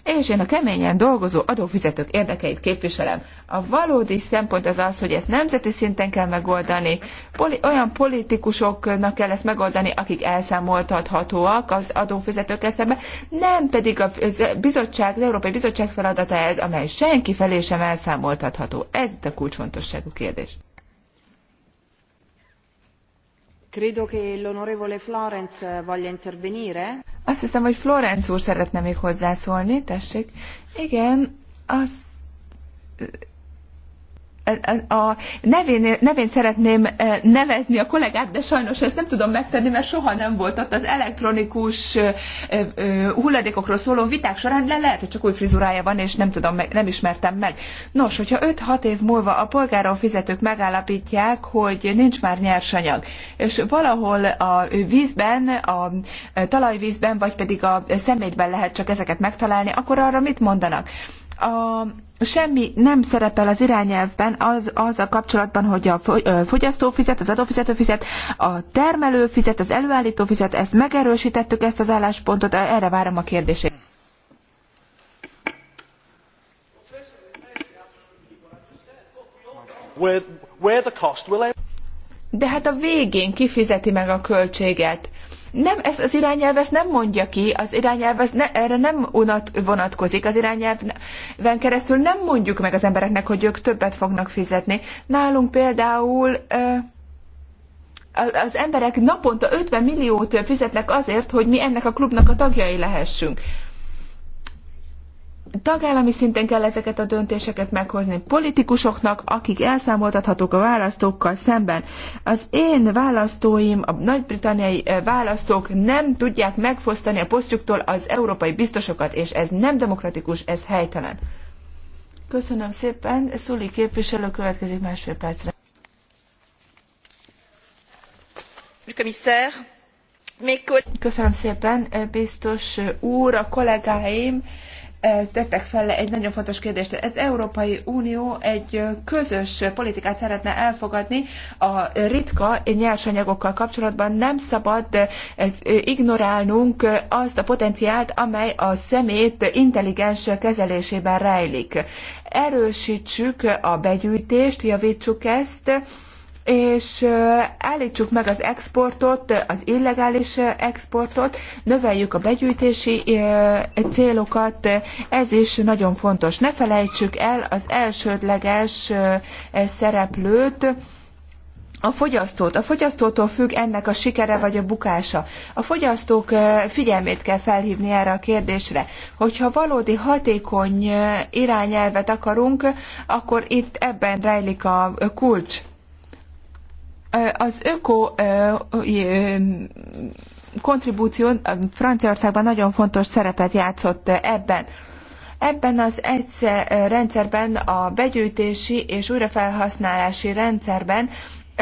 és én a keményen dolgozó adófizetők érdekeit képviselem. A valódi szempont az az, hogy ezt nemzeti szinten kell megoldani, poli- olyan politikusoknak kell ezt megoldani, akik elszámoltathatóak az adófizetők eszembe, nem pedig a bizottság, az Európai Bizottság feladata ez, amely senki felé sem elszámoltatható. Ez itt a kulcsfontosságú kérdés. Azt hiszem, hogy Florence úr szeretne még hozzászólni, tessék. Igen, azt a nevén, nevén szeretném eh, nevezni a kollégát, de sajnos ezt nem tudom megtenni, mert soha nem volt ott az elektronikus eh, eh, hulladékokról szóló viták során, le lehet, hogy csak új frizurája van, és nem tudom, meg, nem ismertem meg. Nos, hogyha 5-6 év múlva a polgáron fizetők megállapítják, hogy nincs már nyersanyag, és valahol a vízben, a talajvízben, vagy pedig a szemétben lehet csak ezeket megtalálni, akkor arra mit mondanak? a, semmi nem szerepel az irányelvben az, az a kapcsolatban, hogy a fogyasztó fizet, az adófizető fizet, a termelő fizet, az előállító fizet, ezt megerősítettük, ezt az álláspontot, e, erre várom a kérdését. De hát a végén kifizeti meg a költséget. Nem, ez az irányelv ezt nem mondja ki, az irányelv ez ne, erre nem unat, vonatkozik, az irányelven keresztül nem mondjuk meg az embereknek, hogy ők többet fognak fizetni. Nálunk például az emberek naponta 50 milliót fizetnek azért, hogy mi ennek a klubnak a tagjai lehessünk. Tagállami szinten kell ezeket a döntéseket meghozni politikusoknak, akik elszámoltathatók a választókkal szemben. Az én választóim, a nagy-britanniai eh, választók nem tudják megfosztani a posztjuktól az európai biztosokat, és ez nem demokratikus, ez helytelen. Köszönöm szépen. Szuli képviselő következik másfél percre. Köszönöm szépen, eh, biztos eh, úr, a kollégáim tettek fel egy nagyon fontos kérdést. Ez Európai Unió egy közös politikát szeretne elfogadni a ritka nyersanyagokkal kapcsolatban. Nem szabad ignorálnunk azt a potenciált, amely a szemét intelligens kezelésében rejlik. Erősítsük a begyűjtést, javítsuk ezt, és állítsuk meg az exportot, az illegális exportot, növeljük a begyűjtési célokat, ez is nagyon fontos. Ne felejtsük el az elsődleges szereplőt, a fogyasztót. A fogyasztótól függ ennek a sikere vagy a bukása. A fogyasztók figyelmét kell felhívni erre a kérdésre. Hogyha valódi hatékony irányelvet akarunk, akkor itt ebben rejlik a kulcs. Az öko kontribúció Franciaországban nagyon fontos szerepet játszott ebben. Ebben az egyszer rendszerben, a begyűjtési és újrafelhasználási rendszerben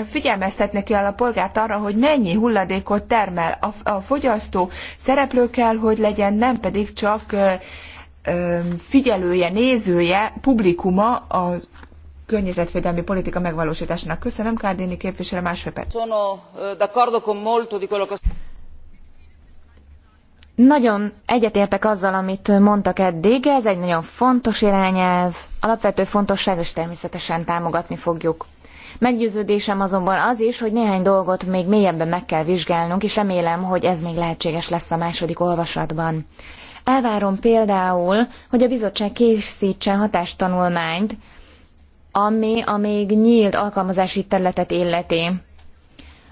figyelmeztetni kell a polgárt arra, hogy mennyi hulladékot termel. A, a fogyasztó szereplő kell, hogy legyen, nem pedig csak figyelője, nézője, publikuma a környezetvédelmi politika megvalósításának. Köszönöm, Kárdéni képviselő, másfél perc. Eh, nagyon egyetértek azzal, amit mondtak eddig, ez egy nagyon fontos irányelv, alapvető fontosság, és természetesen támogatni fogjuk. Meggyőződésem azonban az is, hogy néhány dolgot még mélyebben meg kell vizsgálnunk, és remélem, hogy ez még lehetséges lesz a második olvasatban. Elvárom például, hogy a bizottság készítsen hatástanulmányt ami a még nyílt alkalmazási területet illeti.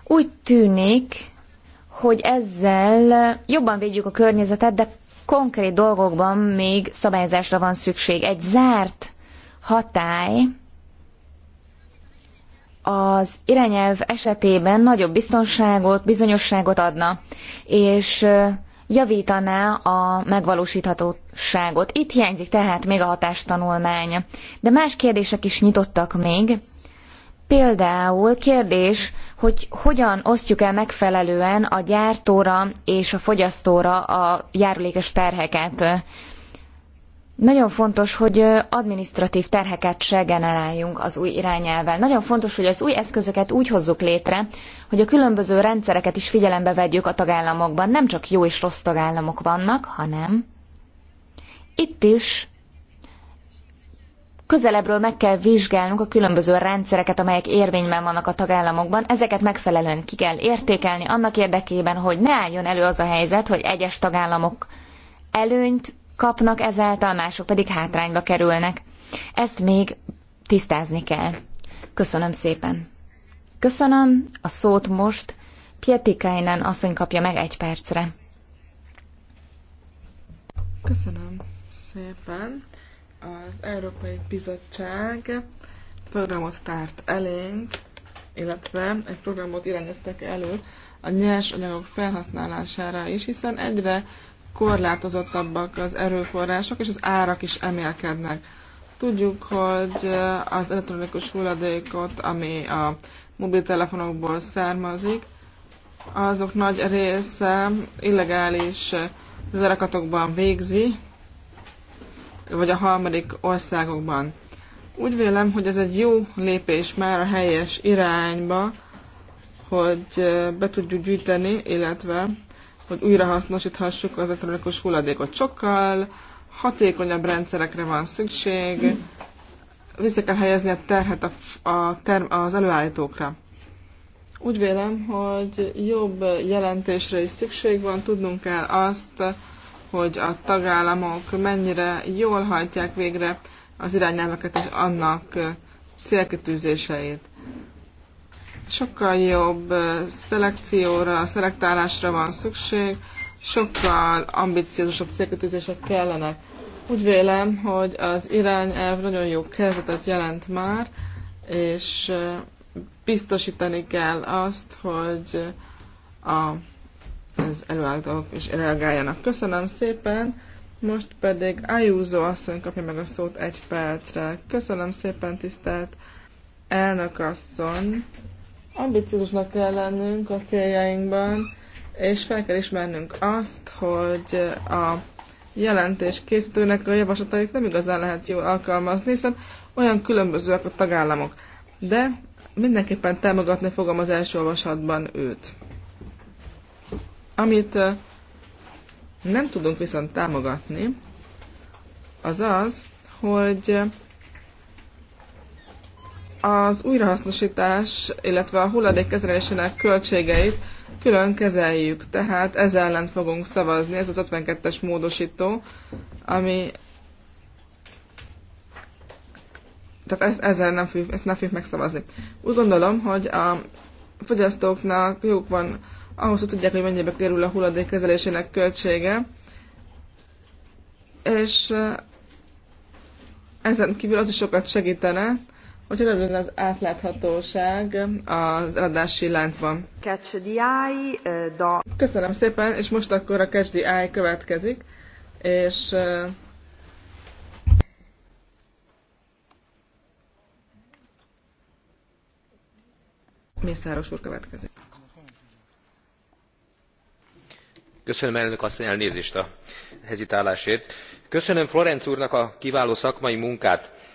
Úgy tűnik, hogy ezzel jobban védjük a környezetet, de konkrét dolgokban még szabályozásra van szükség. Egy zárt hatály az irányelv esetében nagyobb biztonságot, bizonyosságot adna, és javítaná a megvalósíthatóságot. Itt hiányzik tehát még a hatástanulmány. De más kérdések is nyitottak még. Például kérdés, hogy hogyan osztjuk el megfelelően a gyártóra és a fogyasztóra a járulékes terheket. Nagyon fontos, hogy administratív terheket se generáljunk az új irányelvvel. Nagyon fontos, hogy az új eszközöket úgy hozzuk létre, hogy a különböző rendszereket is figyelembe vegyük a tagállamokban. Nem csak jó és rossz tagállamok vannak, hanem itt is közelebbről meg kell vizsgálnunk a különböző rendszereket, amelyek érvényben vannak a tagállamokban. Ezeket megfelelően ki kell értékelni annak érdekében, hogy ne álljon elő az a helyzet, hogy egyes tagállamok előnyt kapnak ezáltal, mások pedig hátrányba kerülnek. Ezt még tisztázni kell. Köszönöm szépen. Köszönöm a szót most. Pietikainen asszony kapja meg egy percre. Köszönöm szépen. Az Európai Bizottság programot tárt elénk, illetve egy programot irányoztak elő a nyers anyagok felhasználására is, hiszen egyre korlátozottabbak az erőforrások, és az árak is emelkednek. Tudjuk, hogy eh, az elektronikus hulladékot, ami a mobiltelefonokból származik, azok nagy része illegális eh, zerekatokban végzi, vagy a harmadik országokban. Úgy vélem, hogy ez egy jó lépés már a helyes irányba, hogy eh, be tudjuk gyűjteni, illetve hogy újrahasznosíthassuk az elektronikus hulladékot. Sokkal hatékonyabb rendszerekre van szükség, vissza kell helyezni a terhet a, a term, az előállítókra. Úgy vélem, hogy jobb jelentésre is szükség van, tudnunk kell azt, hogy a tagállamok mennyire jól hajtják végre az irányelveket és annak célkitűzéseit. Sokkal jobb szelekcióra, szelektálásra van szükség, sokkal ambiciózusabb célkötőzések kellenek. Úgy vélem, hogy az irányelv nagyon jó kezdetet jelent már, és biztosítani kell azt, hogy a, az előállítók is reagáljanak. Köszönöm szépen! Most pedig Ayuso asszony kapja meg a szót egy percre. Köszönöm szépen, tisztelt elnök asszony! Ambiciózusnak kell lennünk a céljainkban, és fel kell ismernünk azt, hogy a jelentés készítőnek a javaslatait nem igazán lehet jól alkalmazni, hiszen olyan különbözőek a tagállamok. De mindenképpen támogatni fogom az első olvasatban őt. Amit nem tudunk viszont támogatni, az az, hogy az újrahasznosítás, illetve a hulladék kezelésének költségeit külön kezeljük. Tehát ez ellen fogunk szavazni, ez az 52-es módosító, ami tehát ez, ezzel nem fogjuk, ezt nem fogjuk megszavazni. Úgy gondolom, hogy a fogyasztóknak jók van ahhoz, hogy tudják, hogy mennyibe kerül a hulladék kezelésének költsége, és ezen kívül az is sokat segítene, hogy nem lenne az átláthatóság az eladási láncban. Catch the eye, da. Köszönöm szépen, és most akkor a Catch the Eye következik, és Mészáros úr következik. Köszönöm elnök asszony elnézést a hezitálásért. Köszönöm Florenc úrnak a kiváló szakmai munkát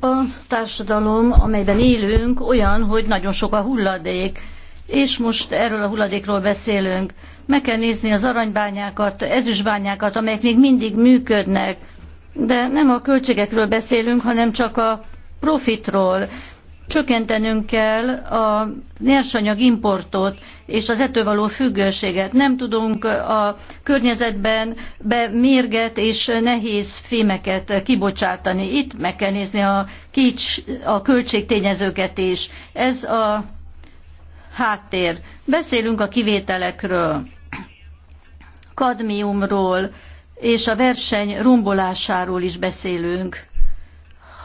A társadalom, amelyben élünk, olyan, hogy nagyon sok a hulladék, és most erről a hulladékról beszélünk. Meg kell nézni az aranybányákat, ezüstbányákat, amelyek még mindig működnek, de nem a költségekről beszélünk, hanem csak a profitról csökkentenünk kell a nyersanyag importot és az ettől való függőséget. Nem tudunk a környezetben be mérget és nehéz fémeket kibocsátani. Itt meg kell nézni a, kics, a költségtényezőket is. Ez a háttér. Beszélünk a kivételekről, kadmiumról, és a verseny rombolásáról is beszélünk.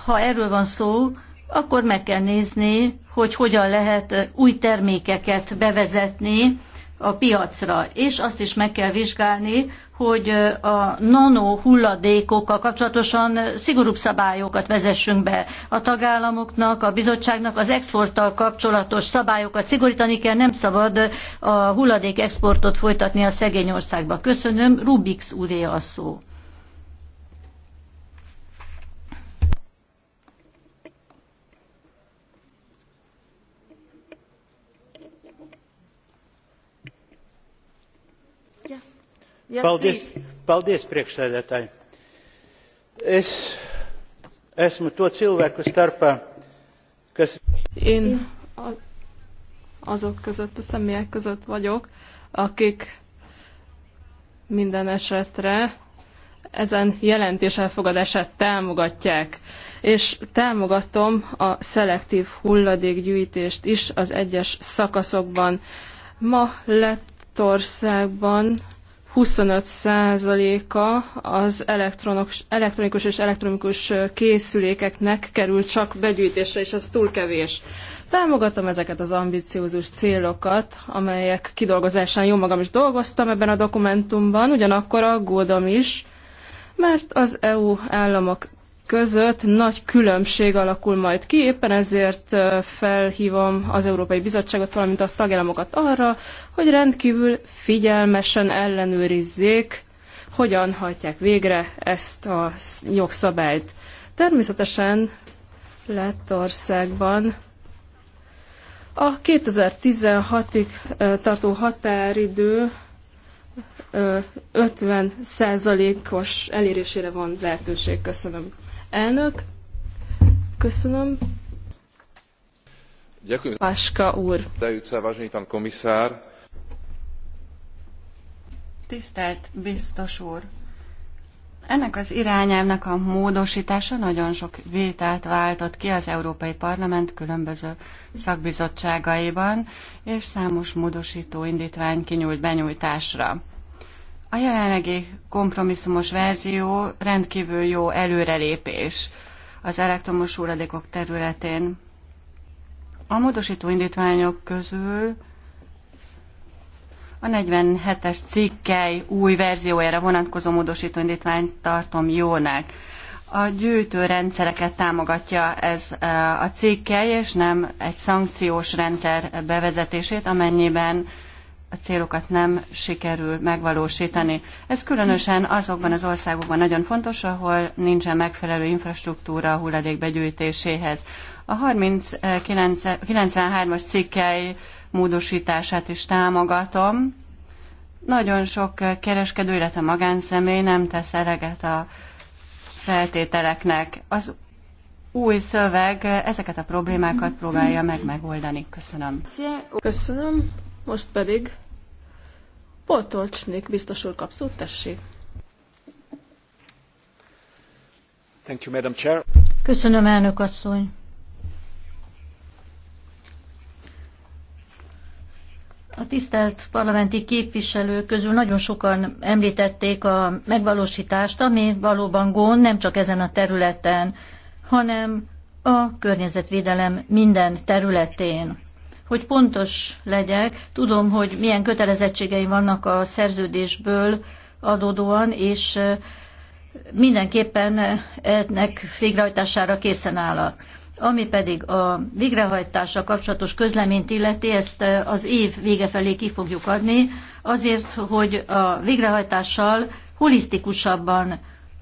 Ha erről van szó, akkor meg kell nézni, hogy hogyan lehet új termékeket bevezetni a piacra, és azt is meg kell vizsgálni, hogy a nano hulladékokkal kapcsolatosan szigorúbb szabályokat vezessünk be. A tagállamoknak, a bizottságnak az exporttal kapcsolatos szabályokat szigorítani kell, nem szabad a hulladék exportot folytatni a szegény országba. Köszönöm, Rubix úré a szó. paldies priekšsēdētāji. Es esmu to cilvēku starpā, kas. Én azok között, a személyek között vagyok, akik minden esetre ezen jelentés elfogadását támogatják. És támogatom a szelektív hulladékgyűjtést is az egyes szakaszokban. Ma Lettországban 25%-a az elektronikus és elektronikus készülékeknek kerül csak begyűjtésre, és ez túl kevés. Támogatom ezeket az ambiciózus célokat, amelyek kidolgozásán jó magam is dolgoztam ebben a dokumentumban, ugyanakkor aggódom is, mert az EU államok között nagy különbség alakul majd ki, éppen ezért felhívom az Európai Bizottságot, valamint a tagállamokat arra, hogy rendkívül figyelmesen ellenőrizzék, hogyan hajtják végre ezt a jogszabályt. Természetesen Lettországban a 2016-ig tartó határidő 50 százalékos elérésére van lehetőség. Köszönöm. Elnök, köszönöm. Ďakujem. Páska úr. Dajúca, vážený pán komisár. Tisztelt biztos úr. Ennek az irányelvnek a módosítása nagyon sok vétát váltott ki az Európai Parlament különböző szakbizottságaiban, és számos módosító indítvány kinyújt benyújtásra. A jelenlegi kompromisszumos verzió rendkívül jó előrelépés az elektromos hulladékok területén. A módosító indítványok közül a 47-es cikkely új verziójára vonatkozó módosító indítványt tartom jónak. A gyűjtőrendszereket támogatja ez eh, a cikkely, és nem egy szankciós rendszer bevezetését, amennyiben a célokat nem sikerül megvalósítani. Ez különösen azokban az országokban nagyon fontos, ahol nincsen megfelelő infrastruktúra a hulladék begyűjtéséhez. A 93-as eh, cikkei módosítását is támogatom. Nagyon sok eh, kereskedő, illetve magánszemély nem tesz eleget a feltételeknek. Az új szöveg eh, ezeket a problémákat próbálja meg megoldani. Köszönöm. Köszönöm. Most pedig Poltolcsnik biztos úr kap szót, tessék. Thank you, Madam Chair. Köszönöm, elnök asszony. A tisztelt parlamenti képviselők közül nagyon sokan említették a megvalósítást, ami valóban gond nem csak ezen a területen, hanem a környezetvédelem minden területén. Hogy pontos legyek, tudom, hogy milyen kötelezettségei vannak a szerződésből adódóan, és mindenképpen ennek végrehajtására készen áll. Ami pedig a végrehajtással kapcsolatos közleményt illeti, ezt az év vége felé ki fogjuk adni, azért, hogy a végrehajtással holisztikusabban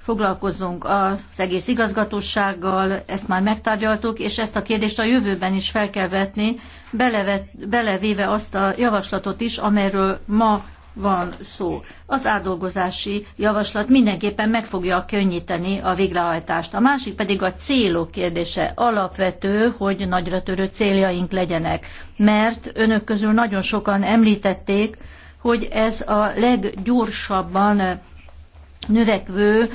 foglalkozzunk az egész igazgatósággal, ezt már megtárgyaltuk, és ezt a kérdést a jövőben is fel kell vetni, belevet, belevéve azt a javaslatot is, amelyről ma van szó. Az átdolgozási javaslat mindenképpen meg fogja könnyíteni a végrehajtást. A másik pedig a célok kérdése. Alapvető, hogy nagyra törő céljaink legyenek, mert önök közül nagyon sokan említették, hogy ez a leggyorsabban növekvő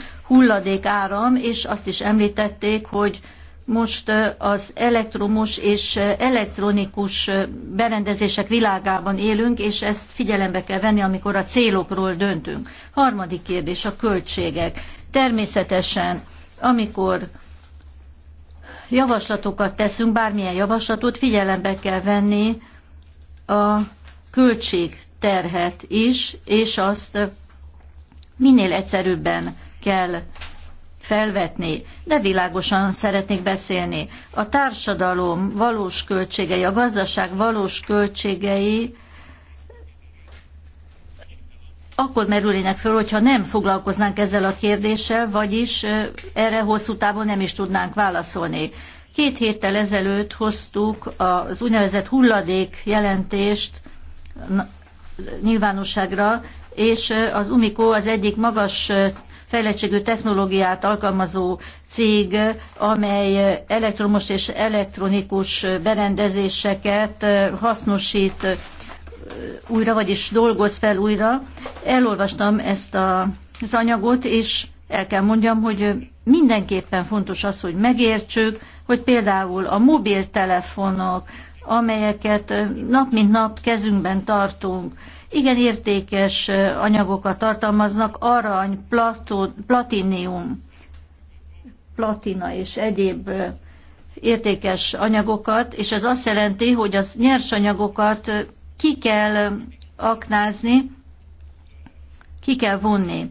áram, és azt is említették, hogy most az elektromos és elektronikus berendezések világában élünk, és ezt figyelembe kell venni, amikor a célokról döntünk. Harmadik kérdés, a költségek. Természetesen, amikor javaslatokat teszünk, bármilyen javaslatot, figyelembe kell venni a költségterhet is, és azt minél egyszerűbben kell felvetni, de világosan szeretnék beszélni. A társadalom valós költségei, a gazdaság valós költségei akkor merülnének föl, hogyha nem foglalkoznánk ezzel a kérdéssel, vagyis erre hosszú távon nem is tudnánk válaszolni. Két héttel ezelőtt hoztuk az úgynevezett hulladék jelentést nyilvánosságra, és az UMIKO az egyik magas fejlettségű technológiát alkalmazó cég, amely elektromos és elektronikus berendezéseket hasznosít újra, vagyis dolgoz fel újra. Elolvastam ezt a, az anyagot, és el kell mondjam, hogy mindenképpen fontos az, hogy megértsük, hogy például a mobiltelefonok, amelyeket nap mint nap kezünkben tartunk, igen értékes anyagokat tartalmaznak, arany, plató, platinium, platina és egyéb értékes anyagokat, és ez azt jelenti, hogy az nyersanyagokat ki kell aknázni, ki kell vonni.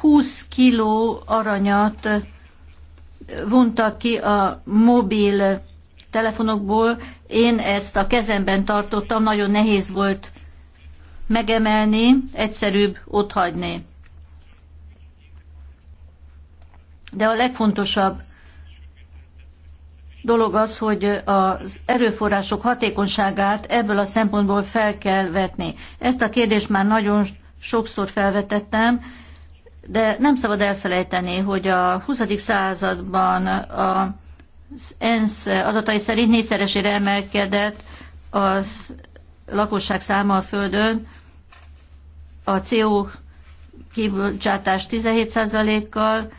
20 kiló aranyat vontak ki a mobil telefonokból. Én ezt a kezemben tartottam, nagyon nehéz volt megemelni, egyszerűbb ott hagyni. De a legfontosabb dolog az, hogy az erőforrások hatékonyságát ebből a szempontból fel kell vetni. Ezt a kérdést már nagyon sokszor felvetettem, de nem szabad elfelejteni, hogy a 20. században a az ENSZ adatai szerint négyszeresére emelkedett az lakosság száma a Földön, a CO kibocsátás 17%-kal,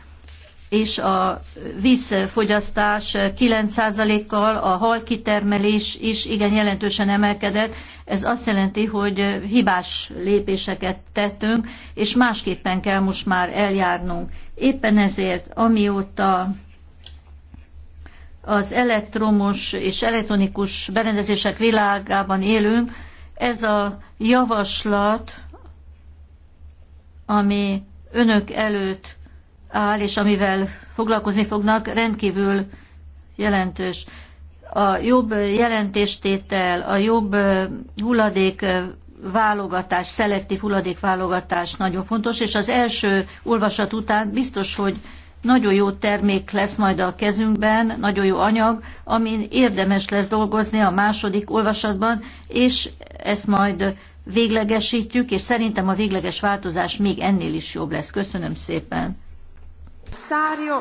és a vízfogyasztás 9%-kal, a hal kitermelés is igen jelentősen emelkedett. Ez azt jelenti, hogy hibás lépéseket tettünk, és másképpen kell most már eljárnunk. Éppen ezért, amióta az elektromos és elektronikus berendezések világában élünk. Ez a javaslat, ami önök előtt áll, és amivel foglalkozni fognak, rendkívül jelentős. A jobb jelentéstétel, a jobb hulladék válogatás, szelektív hulladékválogatás nagyon fontos, és az első olvasat után biztos, hogy nagyon jó termék lesz majd a kezünkben, nagyon jó anyag, amin érdemes lesz dolgozni a második olvasatban, és ezt majd véglegesítjük, és szerintem a végleges változás még ennél is jobb lesz. Köszönöm szépen!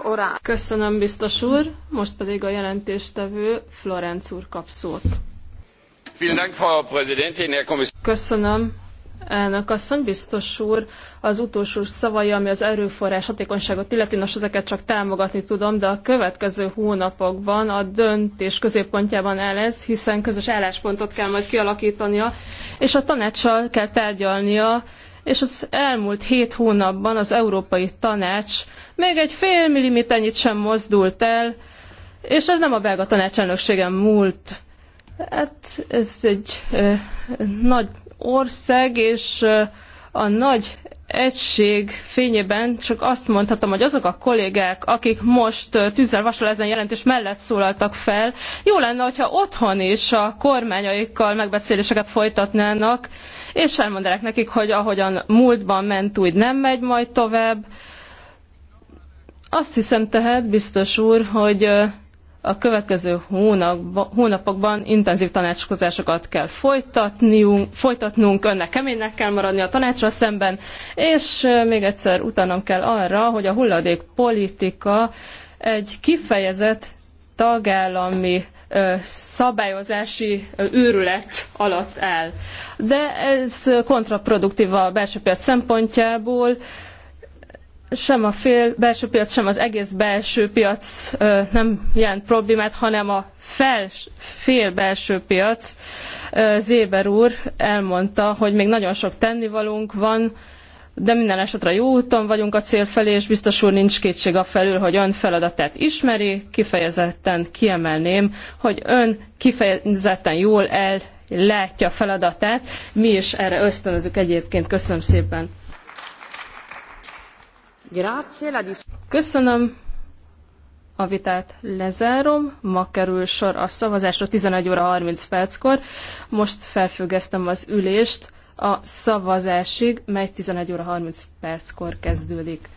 Orá. Köszönöm, biztos úr. Most pedig a jelentéstevő Florenc úr kap szót. Köszönöm, Elnök asszony, biztos úr, az utolsó szavai, ami az erőforrás hatékonyságot illeti, nos, ezeket csak támogatni tudom, de a következő hónapokban a döntés középpontjában áll ez, hiszen közös álláspontot kell majd kialakítania, és a tanácssal kell tárgyalnia, és az elmúlt hét hónapban az Európai Tanács még egy fél milliméternyit sem mozdult el, és ez nem a belga tanácselnökségen múlt. Hát ez egy ö, nagy ország és a nagy egység fényében csak azt mondhatom, hogy azok a kollégák, akik most tűzzel vasol ezen jelentés mellett szólaltak fel, jó lenne, hogyha otthon is a kormányaikkal megbeszéléseket folytatnának, és elmondanák nekik, hogy ahogyan múltban ment, úgy nem megy majd tovább. Azt hiszem tehát, biztos úr, hogy a következő hónapba, hónapokban intenzív tanácskozásokat kell folytatnunk, önnek keménynek kell maradni a tanácsra szemben, és még egyszer utánom kell arra, hogy a hulladék politika egy kifejezett tagállami szabályozási őrület alatt áll. De ez kontraproduktív a belső piac szempontjából, sem a fél belső piac, sem az egész belső piac ö, nem jelent problémát, hanem a fél belső piac. Ö, Zéber úr elmondta, hogy még nagyon sok tennivalónk van, de minden esetre jó úton vagyunk a cél felé, és biztos úr nincs kétség a felül, hogy ön feladatát ismeri, kifejezetten kiemelném, hogy ön kifejezetten jól el látja feladatát, mi is erre ösztönözünk egyébként. Köszönöm szépen! Köszönöm. A vitát lezárom. Ma kerül sor a szavazásra 11 óra 30 perckor. Most felfüggesztem az ülést a szavazásig, mely 11 óra 30 perckor kezdődik.